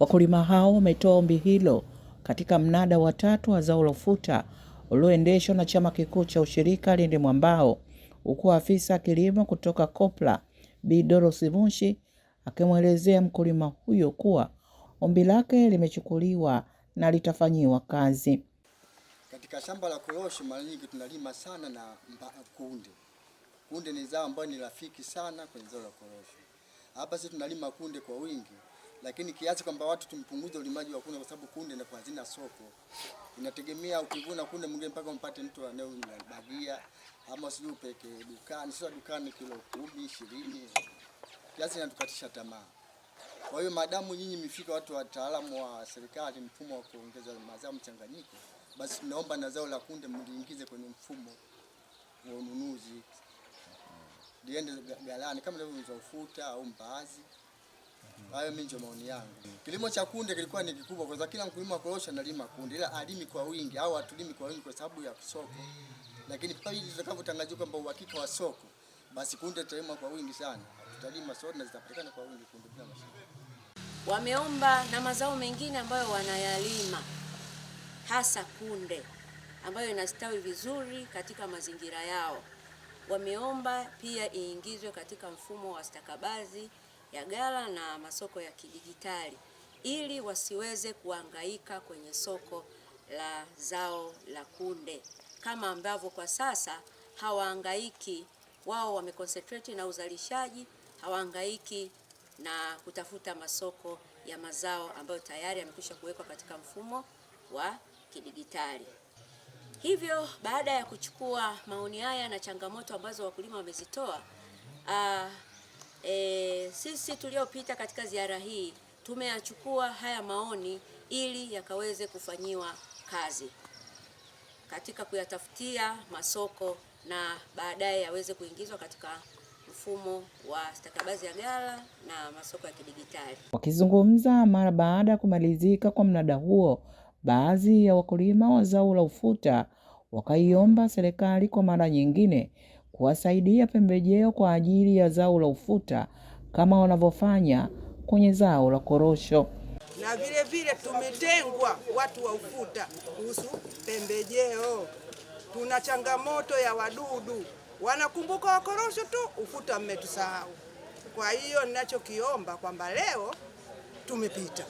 Wakulima hao wametoa ombi hilo katika mnada wa tatu wa zao la ufuta ulioendeshwa na chama kikuu cha ushirika Lindi Mwambao, huku afisa kilimo kutoka COPRA Bi Doros Mushi akimwelezea mkulima huyo kuwa ombi lake limechukuliwa na litafanyiwa kazi. Katika shamba la korosho mara nyingi tunalima sana na mba, kunde. Kunde ni zao ambalo ni rafiki sana kwenye zao la korosho. Hapa sisi tunalima kunde kwa wingi lakini kiasi kwamba watu tumpunguze ulimaji wa kunde, kwa sababu kunde ndio hazina soko. Inategemea ukivuna kunde mwingine mpaka mpate mtu anayebagia ama sio peke dukani, sio dukani, kilo kumi ishirini, kiasi inatukatisha tamaa. Kwa hiyo madamu nyinyi mifika watu wataalamu wa serikali, mfumo wa kuongeza mazao mchanganyiko, basi naomba na zao la kunde mliingize kwenye mfumo wa ununuzi, liende galani kama ilivyo za ufuta au mbaazi. Hayo mimi ndio maoni yangu. Kilimo cha kunde kilikuwa ni kikubwa kwa sababu kila mkulima korosho analima kunde, ila alimi kwa wingi au atulimi kwa wingi kwa sababu ya soko. Lakini pale tutakapotangaza kwamba uhakika wa soko, basi kunde tutalima kwa wingi sana, tutalima sote na zitapatikana kwa wingi kunde bila mashaka. Wameomba na mazao mengine ambayo wanayalima hasa kunde ambayo inastawi vizuri katika mazingira yao. Wameomba pia iingizwe katika mfumo wa stakabadhi ya ghala na masoko ya kidijitali ili wasiweze kuangaika kwenye soko la zao la kunde kama ambavyo kwa sasa hawaangaiki. Wao wameconcentrate na uzalishaji, hawaangaiki na kutafuta masoko ya mazao ambayo tayari yamekwisha kuwekwa katika mfumo wa kidijitali. Hivyo baada ya kuchukua maoni haya na changamoto ambazo wakulima wamezitoa uh, e, sisi tuliopita katika ziara hii tumeyachukua haya maoni ili yakaweze kufanyiwa kazi katika kuyatafutia masoko na baadaye yaweze kuingizwa katika mfumo wa stakabadhi ya ghala na masoko ya kidigitali. Wakizungumza mara baada ya kumalizika kwa mnada huo, baadhi ya wakulima wa zao la ufuta wakaiomba serikali kwa mara nyingine kuwasaidia pembejeo kwa ajili ya zao la ufuta kama wanavyofanya kwenye zao la korosho na vile vile tumetengwa watu wa ufuta kuhusu pembejeo. Tuna changamoto ya wadudu, wanakumbuka wakorosho tu, ufuta mmetusahau. Kwa hiyo ninachokiomba kwamba leo tumepita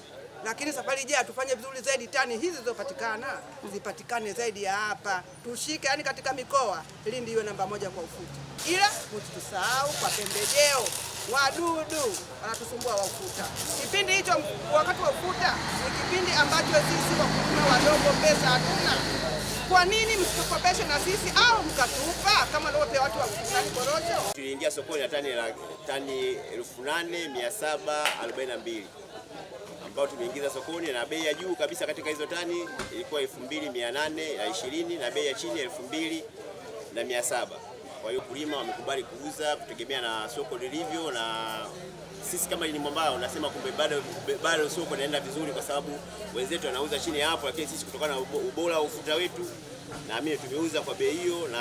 lakini safari ijayo tufanye vizuri zaidi, tani hizi zilizopatikana zipatikane zaidi ya hapa, tushike yani katika mikoa Lindi iwe namba moja kwa ufuta, ila msitusahau kwa pembejeo, wadudu wanatusumbua wa ufuta. Kipindi hicho wakati wa ufuta ni kipindi ambacho sisi wakulima wadogo pesa hatuna. Kwa nini msitukopeshe na sisi au mkatupa kama lote watu wa kukusanya korosho? Tuliingia sokoni na tani tani elfu nane mia saba arobaini na mbili ambayo tumeingiza sokoni, na bei ya juu kabisa katika hizo tani ilikuwa 2820 na bei ya chini 2700. Kwa hiyo kulima wamekubali kuuza kutegemea na soko lilivyo, na sisi kama ni mwambao unasema kumbe bado bado soko linaenda vizuri, kwa sababu wenzetu wanauza chini hapo, lakini sisi kutokana na ubora wa ufuta wetu naamini tumeuza kwa bei hiyo, na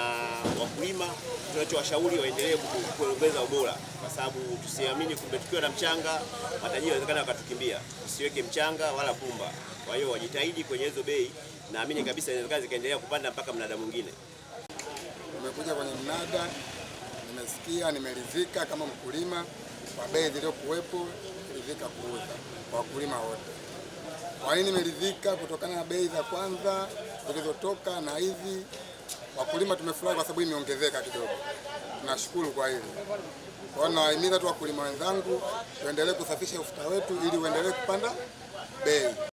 wakulima tunachowashauri waendelee kuongeza ubora, kwa sababu tusiamini, kumbe tukiwa na mchanga matajiri wanawezekana wakatukimbia. Usiweke mchanga wala pumba. Kwa hiyo wajitahidi kwenye hizo bei, naamini kabisa inawezekana zikaendelea kupanda mpaka mnada mwingine. Nimekuja kwenye mnada, nimesikia, nimeridhika kama mkulima kwa bei zilizokuwepo, nimeridhika kuuza kwa wakulima wote. Kwa nini nimeridhika? Kutokana na bei za kwanza zilizotoka na hizi wakulima tumefurahi kwa sababu imeongezeka kidogo. Tunashukuru kwa hili Kwa hiyo nawahimiza tu wakulima wenzangu tuendelee kusafisha ufuta wetu ili uendelee kupanda bei.